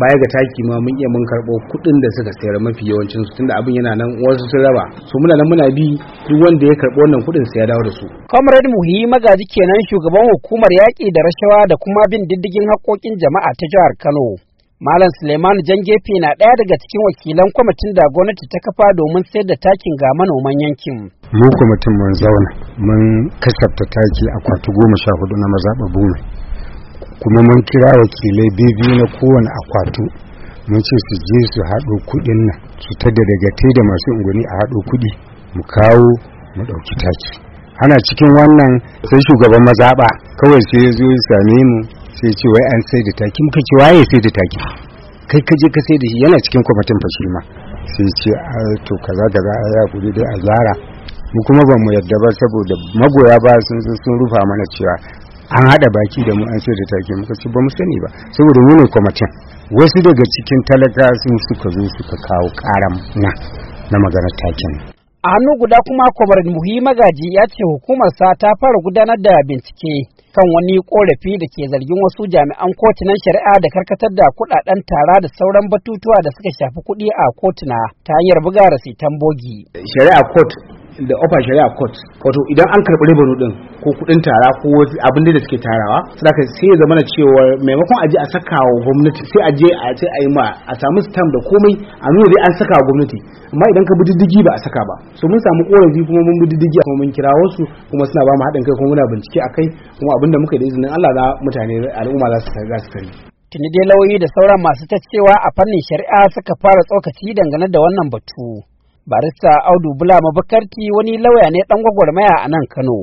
baya ga taki ma mun iya mun karbo kuɗin da suka sayar mafi yawancin su tunda abin yana nan wasu sun raba su muna nan muna bi duk wanda ya karbo wannan kuɗin sai ya dawo da su comrade muhi magaji kenan shugaban hukumar yaki da rashawa da kuma bin diddigin haƙƙoƙin jama'a ta jihar Kano Malam Suleiman Jangefe na ɗaya daga cikin wakilan kwamitin da gwamnati ta kafa domin sayar da takin ga manoman yankin. Mu kwamitin mun zauna mun kasafta taki akwati goma sha hudu na mazaɓa bume kuma mun kira wakilai biyu na kowane akwatu mun ce su je su haɗo kuɗin nan su ta da tai da masu unguni a haɗo kuɗi mu kawo mu ɗauki taki ana cikin wannan sai shugaban mazaɓa kawai sai ya zo ya same mu sai ce wai an sai da taki muka ce waye sai da taki kai ka je ka sai da shi yana cikin kwamitin fashi ma sai ce to kaza kaza ya kuɗi dai a zara mu kuma ba mu yadda ba saboda magoya ba sun sun rufa mana cewa an hada baki da mu an sai da take muka ce ba mu sani ba saboda mu ne kwamitin wasu daga cikin talaka sun suka zo suka kawo karam na na maganar takin a hannu guda kuma kwamar muhi magaji ya ce hukumarsa ta fara gudanar da bincike kan wani korafi da ke zargin wasu jami'an kotunan shari'a da karkatar da kudaden tara da sauran batutuwa da suka shafi kuɗi a kotuna ta hanyar buga rasitan bogi shari'a kot da offer shari'a court wato idan an karɓi revenue din ko kuɗin tara ko wasu abin da suke tarawa sadaka sai ya zama cewa maimakon aje a saka wa gwamnati sai aje a ce a yi ma a samu stamp da komai a nuna dai an saka wa gwamnati amma idan ka bi diddigi ba a saka ba so mun samu korafi kuma mun bi diddigi kuma mun kira wasu kuma suna ba mu haɗin kai kuma muna bincike a kai kuma abin da muka da izinin Allah za mutane al'umma za su za su tuni dai lauyi da sauran masu tacewa a fannin shari'a suka fara tsokaci dangane da wannan batu barista audu bula mabakarti wani lauya ne dan gwagwarmaya a nan kano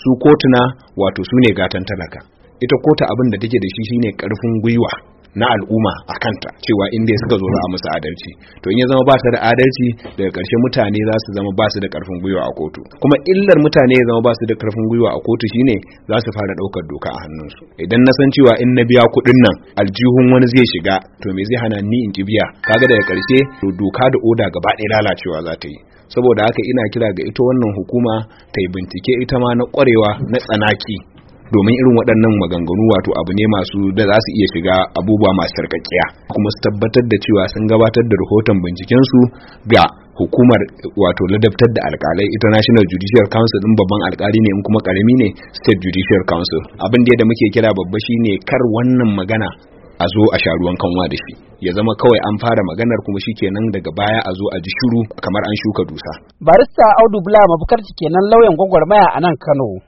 su kotuna wato su ne gatan talaka ita kota abin da take da shi shine karfin gwiwa na al'umma a kanta cewa in dai suka zo za a musu adalci to in ya zama ba su da adalci daga karshe mutane za su zama ba su da ƙarfin gwiwa a kotu kuma illar mutane ya zama ba su da ƙarfin gwiwa a kotu shine za su fara ɗaukar doka a hannunsu idan na san cewa in na biya kuɗin nan aljihun wani zai shiga to me zai hana ni in ki biya kaga daga karshe ƙarshe doka da oda gaba ɗaya lalacewa za ta yi saboda haka ina kira ga ita wannan hukuma ta yi bincike ita ma na ƙwarewa na tsanaki domin irin waɗannan maganganu wato abu ne masu da za su iya shiga abubuwa masu sarkakkiya kuma su tabbatar da cewa sun gabatar da rahoton binciken su ga hukumar wato ladabtar da alkalai international judicial council din babban alkali ne in kuma karami ne state judicial council abin da muke kira babba shine kar wannan magana a zo a sha ruwan kanwa da shi ya zama kawai an fara maganar kuma shi kenan daga baya a zo a ji shiru kamar an shuka dusa barista audu bula mafukar kenan lauyan gwagwarmaya a nan kano